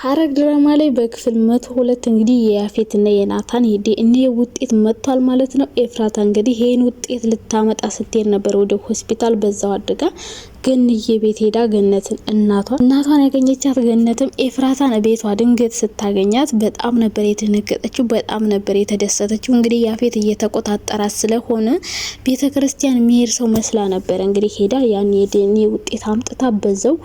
ሐረግ ድራማ ላይ በክፍል መቶ ሁለት እንግዲህ የያፌትና የናታን የዲኤንኤ ውጤት መጥቷል ማለት ነው። ኤፍራታ እንግዲህ ይህን ውጤት ልታመጣ ስትሄድ ነበር ወደ ሆስፒታል፣ በዛው አድጋ ገንዬ ቤት ሄዳ ገነትን እናቷ እናቷን ያገኘቻት ገነትም ኤፍራታን ቤቷ ድንገት ስታገኛት በጣም ነበር የተነገጠችው፣ በጣም ነበር የተደሰተችው። እንግዲህ ያፌት እየተቆጣጠራት ስለሆነ ቤተ ክርስቲያን የሚሄድ ሰው መስላ ነበር እንግዲህ ሄዳ ያን የዲኤንኤ ውጤት አምጥታ በዛው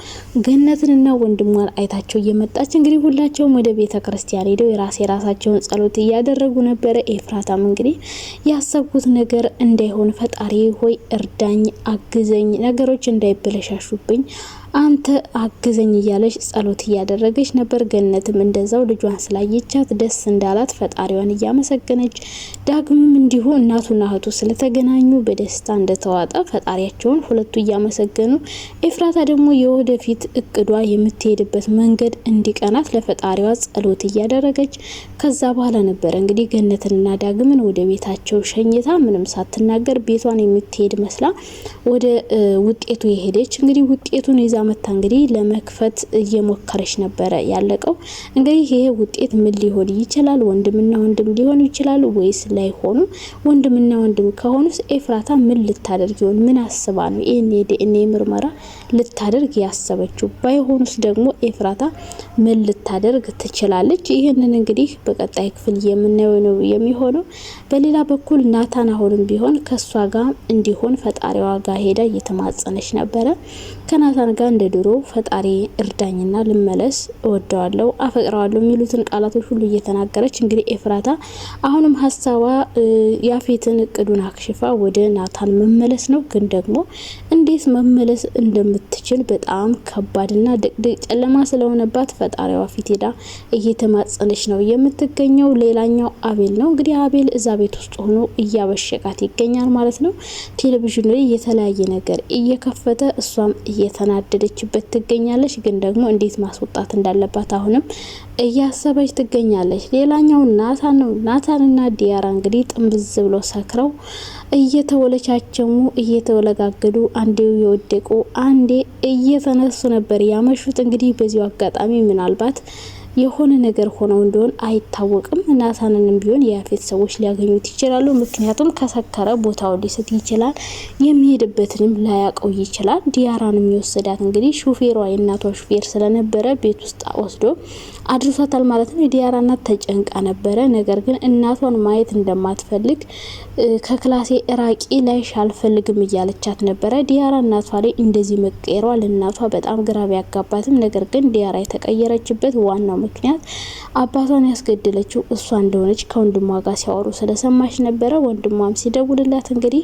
እና ወንድሟን አይታቸው እየመጣች እንግዲህ ሁላቸውም ወደ ቤተ ክርስቲያን ሄደው የራሴ የራሳቸውን ጸሎት እያደረጉ ነበረ። ኤፍራታም እንግዲህ ያሰብኩት ነገር እንዳይሆን ፈጣሪ ሆይ እርዳኝ፣ አግዘኝ ነገሮች እንዳይበ ብለሻሹብኝ አንተ አግዘኝ እያለች ጸሎት እያደረገች ነበር። ገነትም እንደዛው ልጇን ስላየቻት ደስ እንዳላት ፈጣሪዋን እያመሰገነች፣ ዳግምም እንዲሁ እናቱና እህቱ ስለተገናኙ በደስታ እንደተዋጠ ፈጣሪያቸውን ሁለቱ እያመሰገኑ፣ ኤፍራታ ደግሞ የወደፊት እቅዷ የምትሄድበት መንገድ እንዲቀናት ለፈጣሪዋ ጸሎት እያደረገች ከዛ በኋላ ነበረ እንግዲህ ገነትንና ዳግምን ወደ ቤታቸው ሸኝታ ምንም ሳትናገር ቤቷን የምትሄድ መስላ ወደ ውጤቱ የሄደች እንግዲህ ውጤቱን ይዛ መታ እንግዲህ ለመክፈት እየሞከረች ነበረ ያለቀው። እንግዲህ ይሄ ውጤት ምን ሊሆን ይችላል? ወንድምና ወንድም ሊሆኑ ይችላሉ ወይስ ላይሆኑ? ወንድምና ወንድም ከሆኑስ ኤፍራታ ምን ልታደርግ ይሆን? ምን አስባ ነው ይህን የዲኤንኤ ምርመራ ልታደርግ ያሰበችው? ባይሆኑስ ደግሞ ኤፍራታ ምን ልታደርግ ትችላለች? ይህንን እንግዲህ በቀጣይ ክፍል የምናየው ነው የሚሆነው። በሌላ በኩል ናታን አሁንም ቢሆን ከእሷ ጋር እንዲሆን ፈጣሪዋ ጋር ሄዳ እየተማጸነች ነበረ ከናታን ጋር እንደ ድሮ ፈጣሪ እርዳኝና ልመለስ፣ እወደዋለሁ፣ አፈቅረዋለሁ የሚሉትን ቃላቶች ሁሉ እየተናገረች እንግዲህ ኤፍራታ አሁንም ሀሳቧ ያፌትን እቅዱን አክሽፋ ወደ ናታን መመለስ ነው። ግን ደግሞ እንዴት መመለስ እንደምት እንደማትችል በጣም ከባድና ድቅድቅ ጨለማ ስለሆነባት ፈጣሪዋ ፊት ሄዳ እየተማጸነች ነው የምትገኘው። ሌላኛው አቤል ነው እንግዲህ አቤል እዛ ቤት ውስጥ ሆኖ እያበሸቃት ይገኛል ማለት ነው። ቴሌቪዥኑ ላይ የተለያየ ነገር እየከፈተ እሷም እየተናደደችበት ትገኛለች። ግን ደግሞ እንዴት ማስወጣት እንዳለባት አሁንም እያሰበች ትገኛለች። ሌላኛው ናታን ነው። ናታንና ዲያራ እንግዲህ ጥምብዝ ብለው ሰክረው እየተወለቻቸሙ እየተወለጋገዱ አንዴ የወደቁ አንዴ እየተነሱ ነበር ያመሹት። እንግዲህ በዚሁ አጋጣሚ ምናልባት የሆነ ነገር ሆነው እንደሆን አይታወቅም። ናታንንም ቢሆን የያፌት ሰዎች ሊያገኙት ይችላሉ። ምክንያቱም ከሰከረ ቦታው ሊስት ይችላል፣ የሚሄድበትንም ላያቀው ይችላል። ዲያራንም የወሰዳት እንግዲህ ሹፌሯ የእናቷ ሹፌር ስለነበረ ቤት ውስጥ ወስዶ አድርሷታል ማለት ነው። የዲያራ እናት ተጨንቃ ነበረ። ነገር ግን እናቷን ማየት እንደማትፈልግ ከክላሴ እራቂ ላይሽ አልፈልግም እያለቻት ነበረ። ዲያራ እናቷ ላይ እንደዚህ መቀየሯ ለእናቷ በጣም ግራ ቢያጋባትም ነገር ግን ዲያራ የተቀየረችበት ዋናው ምክንያት አባቷን ያስገደለችው እሷ እንደሆነች ከወንድሟ ጋር ሲያወሩ ስለሰማች ነበረ። ወንድሟም ሲደውልላት እንግዲህ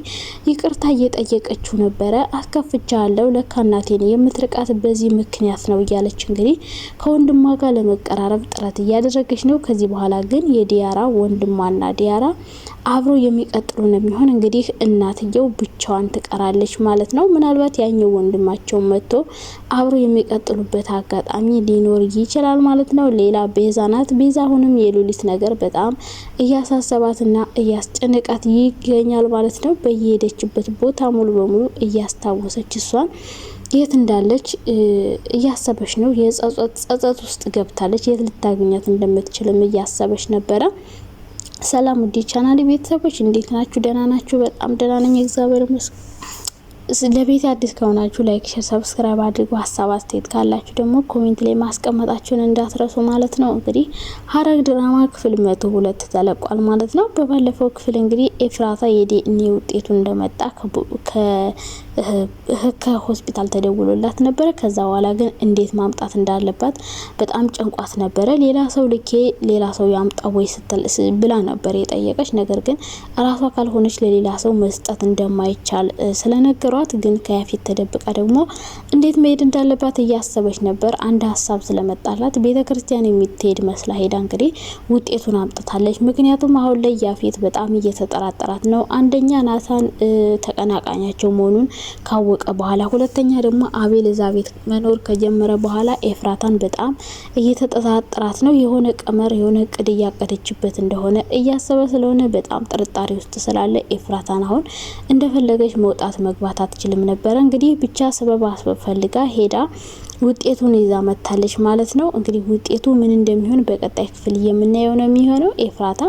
ይቅርታ እየጠየቀችው ነበረ። አስከፍቻለሁ፣ ለካ እናቴን የምትርቃት በዚህ ምክንያት ነው እያለች እንግዲህ ከወንድሟ ጋር ለመቀራረብ ጥረት እያደረገች ነው። ከዚህ በኋላ ግን የዲያራ ወንድሟና ዲያራ አብሮ የሚቀጥሉ ነው የሚሆን። እንግዲህ እናትየው ብቻዋን ትቀራለች ማለት ነው። ምናልባት ያኛው ወንድማቸው መጥቶ አብሮ የሚቀጥሉበት አጋጣሚ ሊኖር ይችላል ማለት ነው። ሌላ ቤዛና ናት። ቤዛ አሁንም የሉሊት ነገር በጣም እያሳሰባትና እያስጨነቃት ይገኛል ማለት ነው። በየሄደችበት ቦታ ሙሉ በሙሉ እያስታወሰች እሷን የት እንዳለች እያሰበች ነው። የጸጸት ውስጥ ገብታለች። የት ልታገኛት እንደምትችልም እያሰበች ነበረ። ሰላም ውዴ ቻናል ቤተሰቦች እንዴት ናችሁ? ደህና ናችሁ? በጣም ደህና ነኝ፣ እግዚአብሔር ይመስገን። ለቤት አዲስ ከሆናችሁ ላይክ፣ ሼር፣ ሰብስክራይብ አድርጉ። ሀሳብ አስተያየት ካላችሁ ደግሞ ኮሜንት ላይ ማስቀመጣችሁን እንዳትረሱ ማለት ነው። እንግዲህ ሐረግ ድራማ ክፍል መቶ ሁለት ተለቋል ማለት ነው። በባለፈው ክፍል እንግዲህ ኤፍራታ የዲኤንኤ ውጤቱ እንደመጣ ከሆስፒታል ተደውሎላት ነበረ። ከዛ በኋላ ግን እንዴት ማምጣት እንዳለባት በጣም ጨንቋት ነበረ። ሌላ ሰው ልኬ ሌላ ሰው ያምጣ ወይ ብላ ነበር የጠየቀች። ነገር ግን እራሷ ካልሆነች ለሌላ ሰው መስጠት እንደማይቻል ስለነገሯ አብረዋት፣ ግን ከያፌት ተደብቃ ደግሞ እንዴት መሄድ እንዳለባት እያሰበች ነበር። አንድ ሀሳብ ስለመጣላት ቤተ ክርስቲያን የምትሄድ መስላ ሄዳ እንግዲህ ውጤቱን አምጥታለች። ምክንያቱም አሁን ላይ ያፌት በጣም እየተጠራጠራት ነው። አንደኛ ናታን ተቀናቃኛቸው መሆኑን ካወቀ በኋላ፣ ሁለተኛ ደግሞ አቤል እዛ ቤት መኖር ከጀመረ በኋላ ኤፍራታን በጣም እየተጠራጠራት ነው። የሆነ ቀመር የሆነ እቅድ እያቀደችበት እንደሆነ እያሰበ ስለሆነ በጣም ጥርጣሬ ውስጥ ስላለ ኤፍራታን አሁን እንደፈለገች መውጣት መግባት አትችልም ነበረ። እንግዲህ ብቻ ሰበብ አስፈልጋ ሄዳ ውጤቱን ይዛ መታለች ማለት ነው። እንግዲህ ውጤቱ ምን እንደሚሆን በቀጣይ ክፍል የምናየው ነው የሚሆነው። ኤፍራታ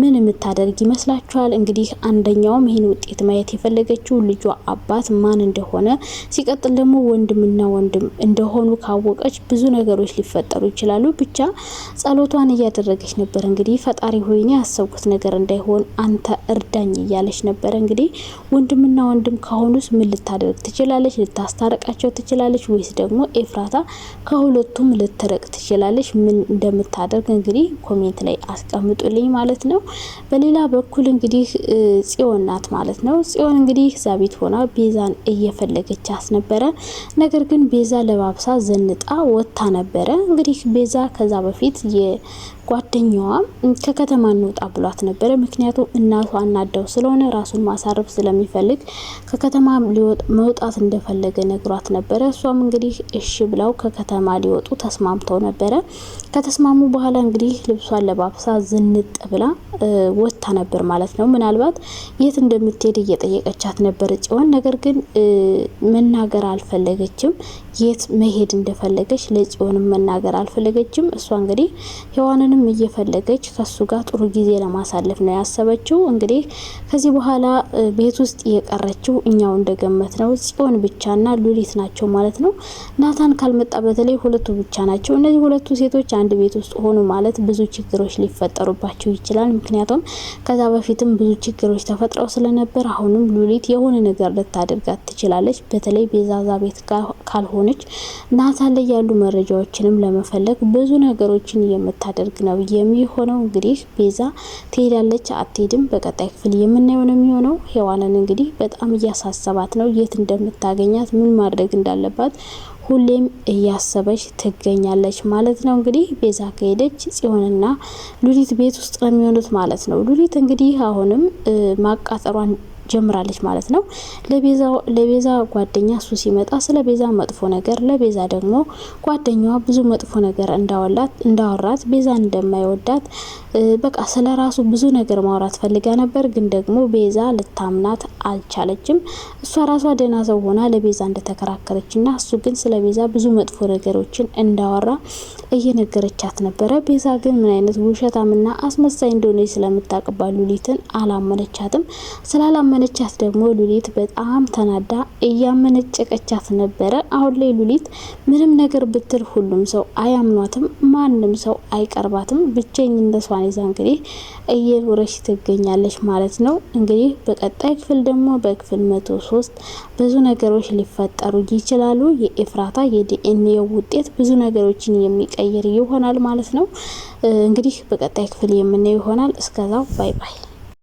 ምን የምታደርግ ይመስላችኋል? እንግዲህ አንደኛውም ይህን ውጤት ማየት የፈለገችው ልጇ አባት ማን እንደሆነ፣ ሲቀጥል ደግሞ ወንድምና ወንድም እንደሆኑ ካወቀች ብዙ ነገሮች ሊፈጠሩ ይችላሉ። ብቻ ጸሎቷን እያደረገች ነበር። እንግዲህ ፈጣሪ ሆይኔ ያሰብኩት ነገር እንዳይሆን አንተ እርዳኝ እያለች ነበር። እንግዲህ ወንድምና ወንድም ከሆኑስ ምን ልታደርግ ትችላለች? ልታስታርቃቸው ትችላለች ወይስ ደግሞ ኤፍራታ ከሁለቱም ልትርቅ ትችላለች። ምን እንደምታደርግ እንግዲህ ኮሜንት ላይ አስቀምጡልኝ ማለት ነው። በሌላ በኩል እንግዲህ ጽዮን ናት ማለት ነው። ጽዮን እንግዲህ እዛ ቤት ሆና ቤዛን እየፈለገች አስነበረ። ነገር ግን ቤዛ ለባብሳ ዘንጣ ወጥታ ነበረ። እንግዲህ ቤዛ ከዛ በፊት ጓደኛዋ ከከተማ እንውጣ ብሏት ነበረ። ምክንያቱም እናቷ እናደው ስለሆነ ራሱን ማሳረፍ ስለሚፈልግ ከከተማ መውጣት እንደፈለገ ነግሯት ነበረ። እሷም እንግዲህ እሺ ብለው ከከተማ ሊወጡ ተስማምተው ነበረ። ከተስማሙ በኋላ እንግዲህ ልብሷን ለባብሳ ዝንጥ ብላ ወጥታ ነበር ማለት ነው። ምናልባት የት እንደምትሄድ እየጠየቀቻት ነበር ጽዮን። ነገር ግን መናገር አልፈለገችም። የት መሄድ እንደፈለገች ለጽዮንም መናገር አልፈለገችም። እሷ እንግዲህ ሔዋንንም እየፈለገች ከሱ ጋር ጥሩ ጊዜ ለማሳለፍ ነው ያሰበችው። እንግዲህ ከዚህ በኋላ ቤት ውስጥ እየቀረችው እኛው እንደገመት ነው ጽዮን ብቻና ሉሊት ናቸው ማለት ነው። ናታን ካልመጣ በተለይ ሁለቱ ብቻ ናቸው። እነዚህ ሁለቱ ሴቶች አንድ ቤት ውስጥ ሆኑ ማለት ብዙ ችግሮች ሊፈጠሩባቸው ይችላል። ምክንያቱም ከዛ በፊትም ብዙ ችግሮች ተፈጥረው ስለነበር አሁንም ሉሊት የሆነ ነገር ልታደርጋት ትችላለች። በተለይ ቤዛዛ ቤት ካልሆነ ስለሆነች ናሳ ላይ ያሉ መረጃዎችንም ለመፈለግ ብዙ ነገሮችን የምታደርግ ነው የሚሆነው። እንግዲህ ቤዛ ትሄዳለች አትሄድም፣ በቀጣይ ክፍል የምናየው ነው የሚሆነው። ሔዋንን እንግዲህ በጣም እያሳሰባት ነው የት እንደምታገኛት ምን ማድረግ እንዳለባት ሁሌም እያሰበች ትገኛለች ማለት ነው። እንግዲህ ቤዛ ከሄደች ጽዮንና ሉሊት ቤት ውስጥ ነው የሚሆኑት ማለት ነው። ሉሊት እንግዲህ አሁንም ማቃጠሯን ጀምራለች ማለት ነው። ለቤዛ ጓደኛ እሱ ሲመጣ ስለ ቤዛ መጥፎ ነገር፣ ለቤዛ ደግሞ ጓደኛዋ ብዙ መጥፎ ነገር እንዳወራት፣ ቤዛ እንደማይወዳት በቃ ስለ ራሱ ብዙ ነገር ማውራት ፈልጋ ነበር፣ ግን ደግሞ ቤዛ ልታምናት አልቻለችም። እሷ ራሷ ደህና ሰው ሆና ለቤዛ እንደተከራከረች እና እሱ ግን ስለ ቤዛ ብዙ መጥፎ ነገሮችን እንዳወራ እየነገረቻት ነበረ። ቤዛ ግን ምን አይነት ውሸታምና አስመሳይ እንደሆነ ስለምታቅባ ሉሊትን አላመነቻትም። ስላላመነቻት ደግሞ ሉሊት በጣም ተናዳ እያመነጨቀቻት ነበረ። አሁን ላይ ሉሊት ምንም ነገር ብትል ሁሉም ሰው አያምኗትም፣ ማንም ሰው አይቀርባትም። ብቸኝነቷን ይዛ እንግዲህ እየኖረች ትገኛለች ማለት ነው። እንግዲህ በቀጣይ ክፍል ደግሞ በክፍል መቶ ሶስት ብዙ ነገሮች ሊፈጠሩ ይችላሉ። የኤፍራታ የዲኤንኤ ውጤት ብዙ ነገሮችን የሚቀይር ይሆናል ማለት ነው። እንግዲህ በቀጣይ ክፍል የምናየው ይሆናል። እስከዛው ባይ ባይ።